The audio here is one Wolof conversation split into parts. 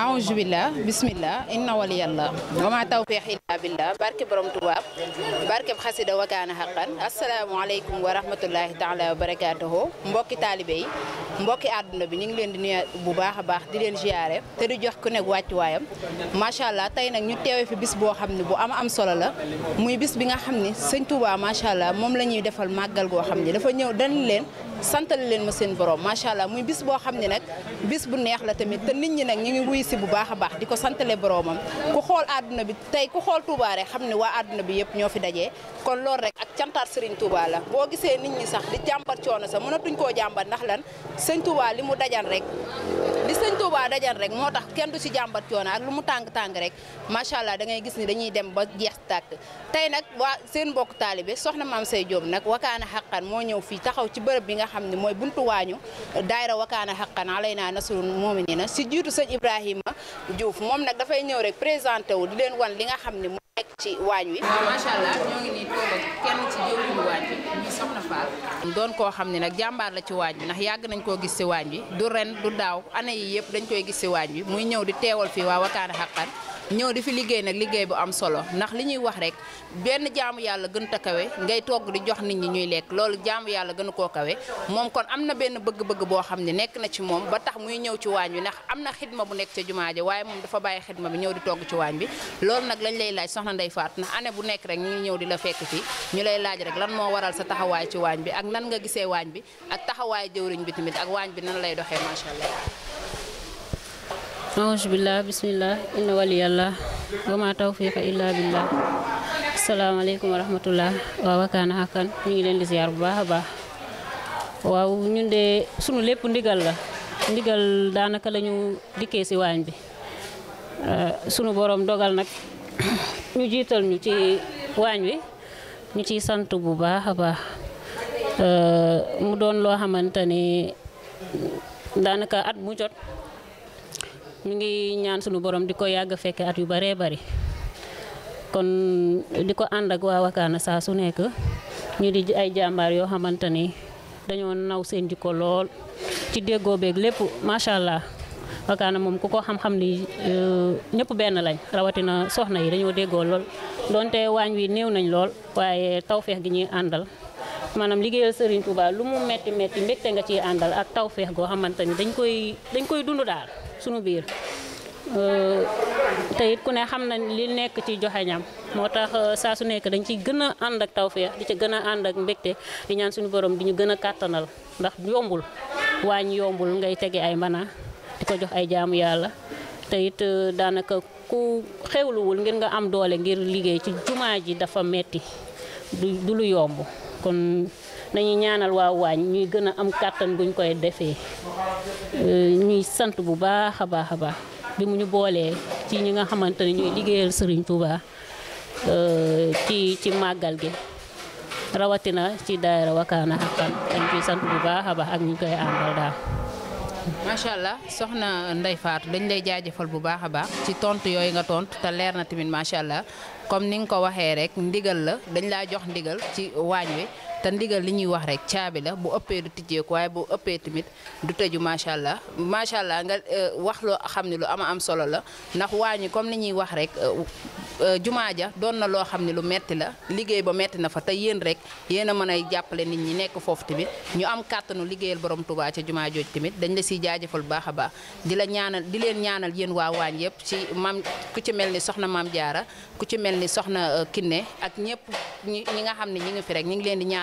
awuju billah bismillah inna waliya allah wa ma tawfiq illa billah barke borom tubaab barke xasida wa kaana xaqan asalaamaaleykum wa rahmatullahi taala wa barakatuhu mbokki taalibe yi mbokki àdduna bi ñu ngi leen di nuyu bu baax a baax di leen ziyaare te di jox ku nekk wàccuwaayam macha allah tey nag ñu teewee fi bis boo xam ne bu am am solo la muy bis bi nga xam ne sëñ Touba macha allah moom la ñuy defal màggal goo xam ne dafa ñëw dañ leen santale leen ma seen borom macha allah muy bis boo xam ne nag bis bu neex la tamit te nit ñi nag ñu ngi wuy si bu baax a baax di ko santale boromam ku xool àdduna bi tey ku xool Touba rek xam ne waa àdduna bi yëpp ñoo fi dajee kon loolu rek ak cantaar Serigne tuubaa la boo gisee nit ñi sax di jàmbat coono sax mënatuñ koo jàmbat ndax lan Serigne Touba li mu dajal rek dajal rek moo tax kenn du si jàmbat coono ak lu mu tàng tàng rek macha allah da ngay gis ni dañuy dem ba jeex tàkk tey nag waa seen mbokk taalibe soxna maam say Diop nag wakaana xaqan moo ñëw fii taxaw ci bërëb bi nga xam ni mooy buntu waañu daayira wakaana xaqan alay naa nasrul muminina si jiitu sëñ Ibrahima Diouf moom nag dafay ñëw rek présenté wu di leen wan li nga xam ne ci waañ wi. Ah, macha allah ñoo ngi nii toog kenn ci jëwriñu waañ bi ñu soxna Fall. doon koo xam ne nag jàmbaar la ci waañ bi ndax yàgg nañ koo gis si waañ wi du ren du daaw année yi yëpp dañ koy gis si waañ wi muy ñëw di teewal fii waa Wakana Haqqan ñëw di fi liggéey nag liggéey bu am solo ndax li ñuy wax rek benn jaamu yàlla gën kawe ngay togg di jox nit ñi ñuy lekk loolu jaamu yàlla gënu koo kawe moom kon am na benn bëgg-bëgg boo xam ne nekk na ci moom ba tax muy ñëw ci waañ bi ndax am na xidma bu nekk ca jumaa ja waaye moom dafa bàyyi xidma bi ñëw di togg ci waañ bi loolu nag lañ lay laaj soxna Ndeye Fatou ndax année bu nekk rek ñu ngi ñëw di la fekk fi ñu lay laaj rek lan moo waral sa taxawaay ci waañ bi ak nan gisee waañ bi ak taxawaay jëwriñ bi tamit ak waañ bi nan lay doxee A'udzu billahi bismillah inna waliyallah wa ma tawfiqa illa billah. Assalamualaikum warahmatullahi wabarakatuh. Hakan ñu ngi leen di ziar bu baaxa baax. Waaw ñun de suñu lepp ndigal la. Ndigal danaka lañu dikké ci wañ bi. Euh borom dogal nak ñu jital ñu ci wañ wi ñu ci sant bu baaxa baax. Euh mu doon at mu ñu ngi ñaan sunu borom di ko yàgg fekke at yu baree bari kon di ko àndak ak waa Wakana saa su nekk ñu di ay jàmbaar yoo xamante ni dañoo naw seen jikko lool ci déggoo beeg lépp macha allah wakaana moom ku ko xam-xam ni euh, ñëpp benn lañ rawatina soxna yi dañoo déggoo lool. donte waañ wi néew nañ lool waaye tawfeex gi ñuy àndal maanaam liggéeyal Serigne Touba lu mu metti metti mbégte nga ciy àndal ak tawfeex goo xamante ni dañ koy dañ koy dund daal. sunu biir euh, te it ku ne xam na li nekk ci joxe ñam moo tax euh, saa su nekk dañ ciy gën a ànd ak tawfeex di ci gën a ànd ak mbégte di ñaan suñu borom di ñu gën a kàttanal ndax yombul waañ yombul ngay tege ay mbana di ko jox ay jaamu yàlla te it euh, daanaka ku xewluwul ngir nga am doole ngir liggéey ci jumaa ji dafa metti du lu yomb kon dañuy ñaanal waaw waañ ñuy gën a am kàttan buñ koy defee euh, ñuy sant bu baax a baax a baax bi mu ñu boolee ci ñi nga xamante ne ñuy liggéeyal Serigne Touba euh, ci ci màggal gi rawatina ci daayira wakaana xaqan dañ ciy sant bu baax a baax ak ñu koy àndal daal macha allah soxna Ndeye faatu dañ lay jaajëfal bu baax a baax ci tontu yooyu nga tontu te leer na tamit macha allah comme ni nga ko waxee rek ndigal la dañ laa jox ndigal ci waañ wi te ndigal li ñuy wax rek caabi la bu ëppee du tijjeeku waaye bu ëppee tamit du tëju macha allah macha allah nga euh, wax loo xam ne lu am am solo la ndax waañu comme li ñuy wax rek euh, euh, jumaa ja doon na loo xam ne lu metti la liggéey ba metti na fa te yéen rek yéen a mën a jàppale nit ñi nekk foofu tamit ñu am kàttanu liggéeyal borom Touba ca jumaa jooj tamit dañ la siy jaajëfal bu baax a baax di la ñaanal di leen ñaanal yéen waa waañ yëpp ci maam ku ci mel ni soxna maam jaara ku ci mel ni soxna kinne ak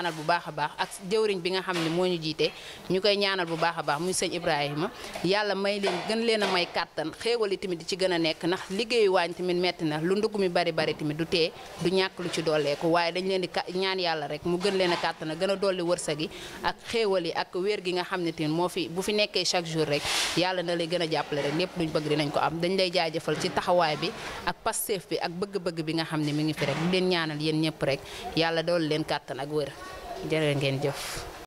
ñaanal bu baax a baax ak jëwriñ bi nga xam ne moo ñu jiite ñu koy ñaanal bu baax a baax muy sëñ Ibrahima yàlla may leen gën leen a may kàttan xéewal yi tamit di ci gën a nekk ndax liggéeyu waañ tamit metti na lu ndugg mi bari bari tamit du tee du ñàkk lu ci dooleeku waaye dañ leen di ñaan yàlla rek mu gën leen a kàttan gën a dolli wërsëg yi ak xéewal yi ak wér gi nga xam ne tamit moo fi bu fi nekkee chaque jour rek yàlla na lay gën a jàppale rek lépp luñ bëgg dinañ ko am dañ lay jaajëfal ci taxawaay bi ak pasteef bi ak bëgg-bëgg bi nga xam ne mi ngi fi rek leen ñaanal yéen Ya lo entiendo.